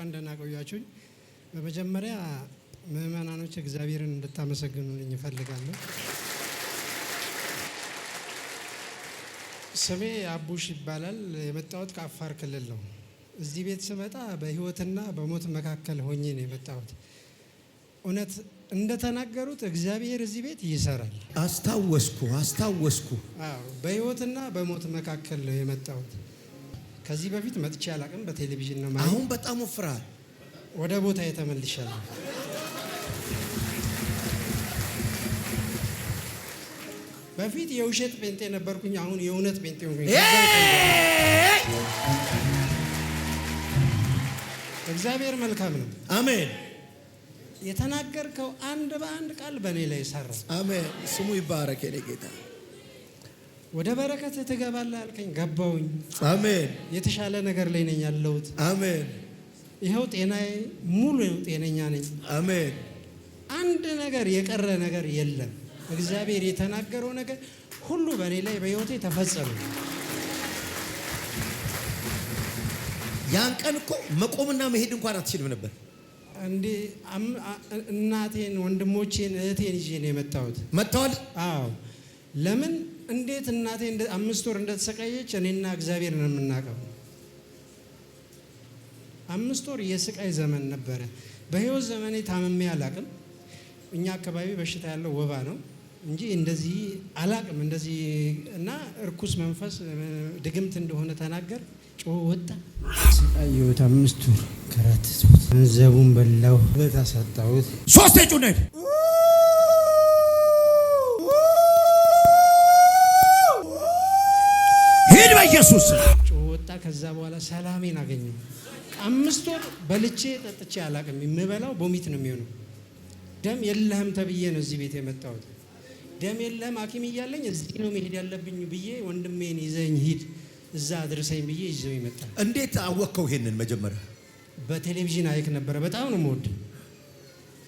እንኳን ደህና ቆያችሁኝ። በመጀመሪያ ምእመናኖች እግዚአብሔርን እንድታመሰግኑልኝ እፈልጋለሁ። ስሜ አቡሽ ይባላል። የመጣሁት ከአፋር ክልል ነው። እዚህ ቤት ስመጣ በሕይወትና በሞት መካከል ሆኜ ነው የመጣሁት። እውነት እንደተናገሩት እግዚአብሔር እዚህ ቤት ይሰራል። አስታወስኩ አስታወስኩ። በሕይወትና በሞት መካከል ነው የመጣሁት። ከዚህ በፊት መጥቼ አላቅም። በቴሌቪዥን ነው አሁን በጣም ወፍረሃል። ወደ ቦታ የተመልሻል። በፊት የውሸት ጴንጤ ነበርኩኝ። አሁን የእውነት ጴንጤ ሆንኩኝ። እግዚአብሔር መልካም ነው። አሜን። የተናገርከው አንድ በአንድ ቃል በእኔ ላይ ሰራ። አሜን። ስሙ ይባረክ የኔ ጌታ። ወደ በረከት ትገባለህ አልከኝ፣ ገባውኝ። አሜን። የተሻለ ነገር ላይ ነኝ ያለሁት። አሜን። ይኸው ጤናዬ ሙሉ ጤነኛ ነኝ። አሜን። አንድ ነገር የቀረ ነገር የለም። እግዚአብሔር የተናገረው ነገር ሁሉ በእኔ ላይ በሕይወቴ ተፈጸመ። ያን ቀን እኮ መቆምና መሄድ እንኳን አትችልም ነበር። እንዴ እናቴን፣ ወንድሞቼን፣ እህቴን ይዤ ነው የመጣሁት። መጥተዋል። አዎ ለምን እንዴት እናቴ አምስት ወር እንደተሰቃየች እኔና እግዚአብሔር ነው የምናውቀው። አምስት ወር የስቃይ ዘመን ነበረ። በህይወት ዘመኔ ታመሜ አላቅም። እኛ አካባቢ በሽታ ያለው ወባ ነው እንጂ እንደዚህ አላቅም። እንደዚህ እና እርኩስ መንፈስ ድግምት እንደሆነ ተናገር ጮ ወጣ። ስቃይ ህይወት አምስት ወር ከራት ገንዘቡን በላው በት አሳጣሁት ሶስት በኢየሱስ ወጣ። ከዛ በኋላ ሰላሜን አገኘ። አምስት ወር በልቼ ጠጥቼ አላቅም። የምበላው ቦሚት ነው የሚሆነው። ደም የለህም ተብዬ ነው እዚህ ቤት የመጣሁት። ደም የለህም ሐኪም እያለኝ እዚህ ነው መሄድ ያለብኝ ብዬ ወንድሜን ይዘኝ ሂድ እዛ አድርሰኝ ብዬ ይዘው ይመጣል። እንዴት አወቅከው? ይሄንን መጀመሪያ በቴሌቪዥን አይክ ነበረ። በጣም ነው የምወድ።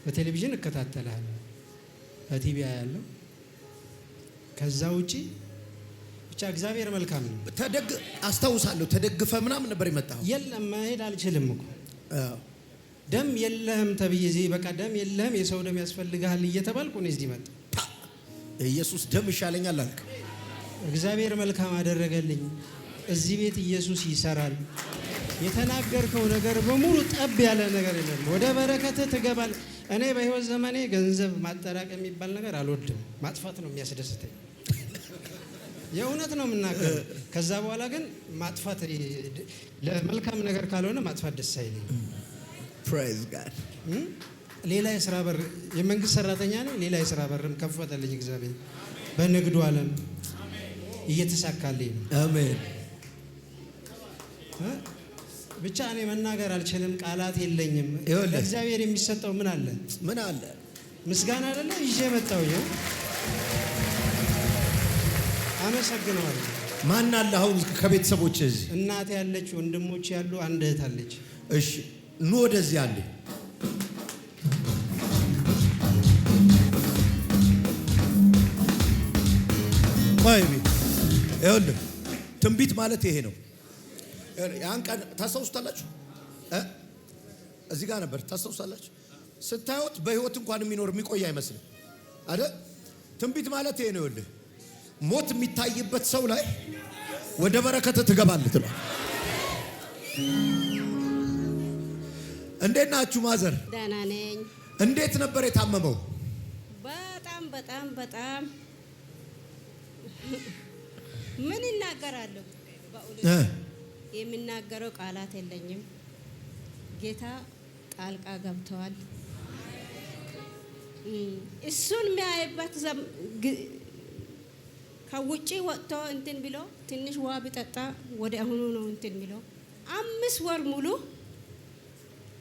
በቴሌቪዥን እከታተልሃለሁ፣ በቲቪ ያለው ከዛ ውጪ ብቻ እግዚአብሔር መልካም ነው። ተደግ አስታውሳለሁ። ተደግፈ ምናምን ነበር የመጣው። የለም መሄድ አልችልም እኮ ደም የለህም ተብዬ እዚህ በቃ ደም የለህም የሰው ደም ያስፈልግሃል እየተባልኩ ነው እዚህ መጣ። ኢየሱስ ደም ይሻለኛል አልክ። እግዚአብሔር መልካም አደረገልኝ። እዚህ ቤት ኢየሱስ ይሰራል። የተናገርከው ነገር በሙሉ ጠብ ያለ ነገር የለም። ወደ በረከት ትገባል። እኔ በህይወት ዘመኔ ገንዘብ ማጠራቅ የሚባል ነገር አልወድም። ማጥፋት ነው የሚያስደስተኝ። የእውነት ነው የምናገር። ከዛ በኋላ ግን ማጥፋት ለመልካም ነገር ካልሆነ ማጥፋት ደስ አይልም። ሌላ የስራ በር የመንግስት ሰራተኛ ነኝ። ሌላ የስራ በርም ከፈተልኝ እግዚአብሔር በንግዱ ዓለም እየተሳካልኝ ነው። አሜን። ብቻ እኔ መናገር አልችልም፣ ቃላት የለኝም። ለእግዚአብሔር የሚሰጠው ምን አለ? ምን አለ? ምስጋና አይደለ ይዤ መጣሁ። አመሰግናለሁ። ማን አለ አሁን ከቤተሰቦች እዚህ? እናቴ ያለች፣ ወንድሞች ያሉ፣ አንድ እህት አለች። እሺ ኑ ወደዚህ አለ ይኸውልህ ትንቢት ማለት ይሄ ነው። ያን ቀን ታስታውሱታላችሁ። እዚህ ጋር ነበር። ታስታውሳላችሁ። ስታዩት በህይወት እንኳን የሚኖር የሚቆይ አይመስልም አይደል? ትንቢት ማለት ይሄ ነው። ይኸውልህ ሞት የሚታይበት ሰው ላይ ወደ በረከት ትገባል ትሏል። እንዴት ናችሁ ማዘር? ደህና ነኝ። እንዴት ነበር የታመመው? በጣም በጣም በጣም ምን ይናገራለሁ? የሚናገረው ቃላት የለኝም። ጌታ ጣልቃ ገብተዋል። እሱን የሚያይበት ከውጭ ወጥቶ እንትን ብሎ ትንሽ ውሃ ቢጠጣ ወደ አሁኑ ነው እንትን ብሎ አምስት ወር ሙሉ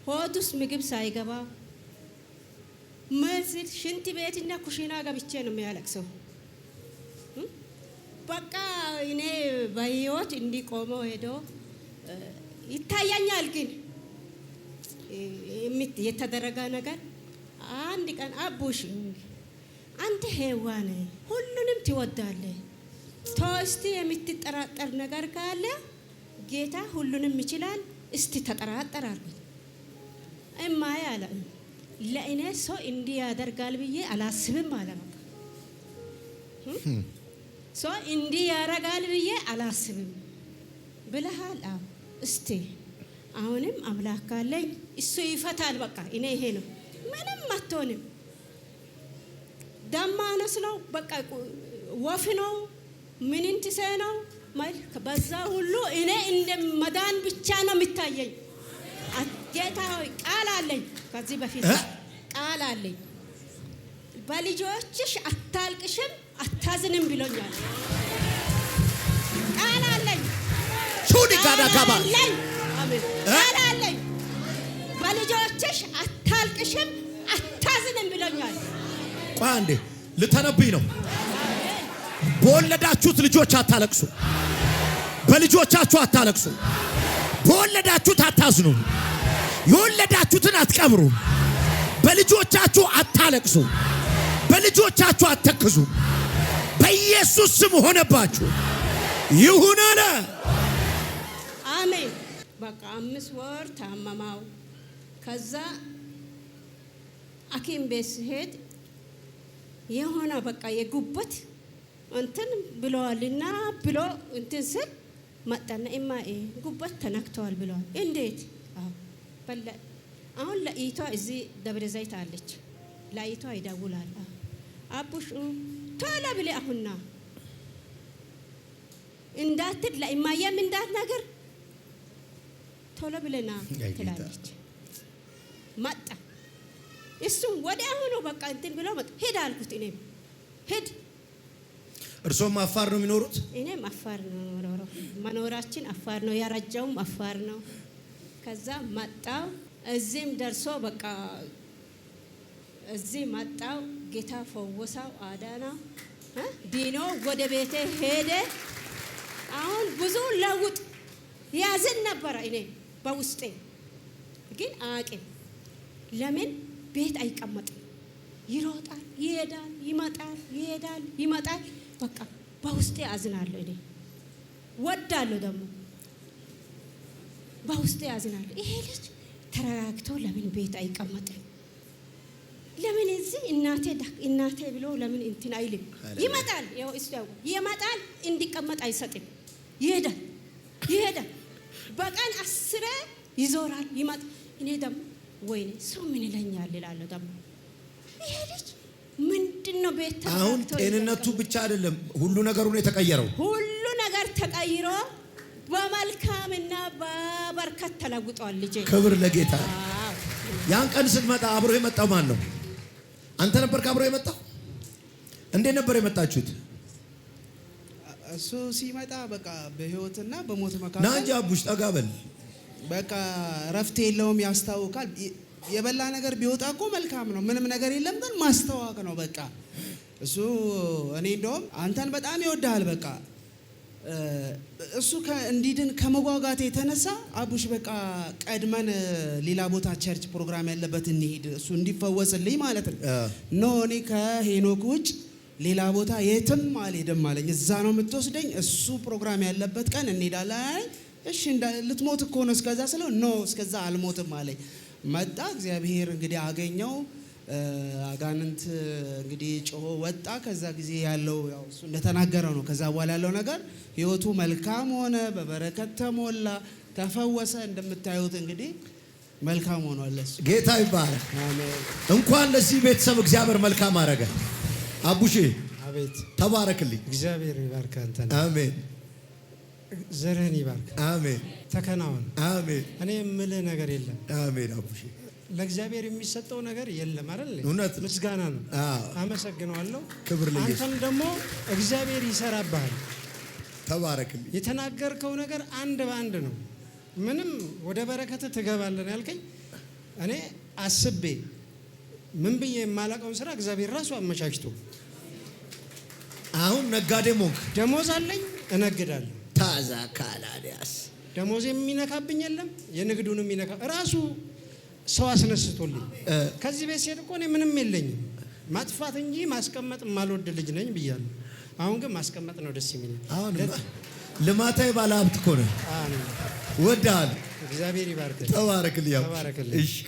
ሆድ ውስጥ ምግብ ሳይገባ መስል ሽንት ቤትና ኩሽና ገብቼ ነው የሚያለቅሰው። በቃ እኔ በህይወት እንዲቆመው ሄዶ ይታያኛል። ግን የተደረገ ነገር አንድ ቀን አቡሽ አንተ ሔዋን ሁሉንም ትወዳለህ። እስቲ የምትጠራጠር ነገር ካለ ጌታ ሁሉንም ይችላል። እስቲ ተጠራጠር አልኩት። እማዬ አለ ለእኔ ሰው እንዲህ ያደርጋል ብዬ አላስብም አለ። በቃ ሰው እንዲህ ያደርጋል ብዬ አላስብም ብለሃል። አዎ እስቲ አሁንም አምላክ ካለኝ እሱ ይፈታል። በቃ እኔ ይሄ ነው፣ ምንም አትሆንም ደም ነው፣ በቃ ወፍ ነው፣ ምንንትሴ ነው። በዛ ሁሉ እኔ እንደ መዳን ብቻ ነው የሚታየኝ። ጌታ ሆይ ቃል አለኝ፣ ከዚህ በፊት ቃል አለኝ። በልጆችሽ አታልቅሽም አታዝንም ብሎኛል። ቃል አለኝ ቃል አለኝ። በልጆችሽ አታልቅሽም አታዝንም ብሎኛል። ቆይ አንዴ ልተነብኝ ነው። በወለዳችሁት ልጆች አታለቅሱ፣ በልጆቻችሁ አታለቅሱ፣ በወለዳችሁት አታዝኑ፣ የወለዳችሁትን አትቀብሩ፣ በልጆቻችሁ አታለቅሱ፣ በልጆቻችሁ አትተክዙ። በኢየሱስ ስም ሆነባችሁ ይሁን አለ። አሜን። በቃ አምስት ወር ታመማው። ከዛ ሐኪም ቤት ስሄድ የሆነ በቃ የጉበት እንትን ብለዋልና ብሎ እንትን ስል መጣና እማ ጉበት ተነክተዋል ብለዋል። እንዴት በለ አሁን ለኢቷ እዚህ ደብረ ዘይት አለች። ለኢቷ ይደውላል። አቡሽ ቶሎ ብሌ አሁና እንዳትል ለእማየም እንዳት ነገር ቶሎ ብለና ትላለች። መጣ እሱም ወዲያ ሆኖ በቃ እንትን ብለው ሄድ አልኩት። እኔም ሄድ። እርሶም አፋር ነው የሚኖሩት? እኔም አፋር ነው ኖረው መኖራችን አፋር ነው። ያረጀውም አፋር ነው። ከዛ መጣው እዚህም ደርሶ በቃ እዚህ መጣው። ጌታ ፈወሳው፣ አዳና ዲኖ ወደ ቤቴ ሄደ። አሁን ብዙ ለውጥ ያዝን ነበረ እኔ በውስጤ ግን አቅም ለምን ቤት አይቀመጥም። ይሮጣል፣ ይሄዳል፣ ይመጣል፣ ይሄዳል፣ ይመጣል። በቃ በውስጤ አዝናለሁ። እኔ ወዳለሁ ደግሞ በውስጤ አዝናለሁ። ይሄ ልጅ ተረጋግቶ ለምን ቤት አይቀመጥም? ለምን እዚህ እናቴ እናቴ ብሎ ለምን እንትን አይልም? ይመጣል፣ ይመጣል፣ እንዲቀመጥ አይሰጥም። ይሄዳል፣ ይሄዳል፣ በቀን አስሬ ይዞራል፣ ይመጣል። እኔ ደግሞ ወይኔ ሰው ምን ይለኛል ይላለሁ። ደግሞ ይሄ ልጅ ምንድን ነው? ቤት አሁን ጤንነቱ ብቻ አይደለም ሁሉ ነገሩ ነው የተቀየረው። ሁሉ ነገር ተቀይሮ በመልካምና በበርከት ተለውጧል። ልጄ ክብር ለጌታ። ያን ቀን ስትመጣ አብሮ የመጣው ማን ነው? አንተ ነበርክ አብሮ የመጣው? እንዴት ነበር የመጣችሁት? እሱ ሲመጣ በቃ በህይወትና በሞት መካከል ናንጃ አቡሽ በቃ እረፍት የለውም ያስታውቃል። የበላ ነገር ቢወጣ እኮ መልካም ነው። ምንም ነገር የለም ግን ማስተዋወቅ ነው በቃ እሱ እኔ እንደውም አንተን በጣም ይወድሃል። በቃ እሱ እንዲድን ከመጓጓት የተነሳ አቡሽ በቃ ቀድመን ሌላ ቦታ ቸርች ፕሮግራም ያለበት እንሂድ፣ እሱ እንዲፈወስልኝ ማለት ነው። ኖ እኔ ከሄኖክ ውጭ ሌላ ቦታ የትም አልሄድም አለኝ። እዛ ነው የምትወስደኝ፣ እሱ ፕሮግራም ያለበት ቀን እንሄዳለን። እሺ ልትሞት እኮ ነው እስከዛ ስለው ኖ እስከዛ አልሞትም አለኝ። መጣ እግዚአብሔር እንግዲህ አገኘው። አጋንንት እንግዲህ ጮሆ ወጣ። ከዛ ጊዜ ያለው ያው እሱ እንደተናገረው ነው። ከዛ በኋላ ያለው ነገር ህይወቱ መልካም ሆነ፣ በበረከት ተሞላ፣ ተፈወሰ። እንደምታዩት እንግዲህ መልካም ሆኗል። ጌታ ይባላል። እንኳን ለዚህ ቤተሰብ እግዚአብሔር መልካም አረገ። አቡሼ አቤት፣ ተባረክልኝ። እግዚአብሔር ይባርክ አንተ። አሜን ዘርህን ይባርክ። አሜን። ተከናወን። አሜን። እኔ የምልህ ነገር የለም። አሜን። አቡሽ ለእግዚአብሔር የሚሰጠው ነገር የለም አይደል? እውነት ምስጋና ነው። አመሰግነዋለሁ። ክብር ለኢየሱስ። አንተም ደግሞ እግዚአብሔር ይሰራብሃል። ተባረክልኝ። የተናገርከው ነገር አንድ በአንድ ነው። ምንም ወደ በረከት ትገባለን ያልከኝ እኔ አስቤ ምን ብዬ የማላቀውን ስራ እግዚአብሔር ራሱ አመቻችቶ አሁን ነጋዴ ሞክ ደሞዝ አለኝ እነግዳለሁ ሀዛ ካላዲያስ ደሞዝ የሚነካብኝ የለም። የንግዱን የሚነካ ራሱ ሰው አስነስቶልኝ ከዚህ ቤት ሴት እኮ እኔ ምንም የለኝም ማጥፋት እንጂ ማስቀመጥ የማልወድ ልጅ ነኝ ብያለሁ። አሁን ግን ማስቀመጥ ነው ደስ የሚል። አሁን ልማታዊ ባለ ሀብት እኮ ነው። ወድሃል። እግዚአብሔር ይባርክ። ተባረክልህ።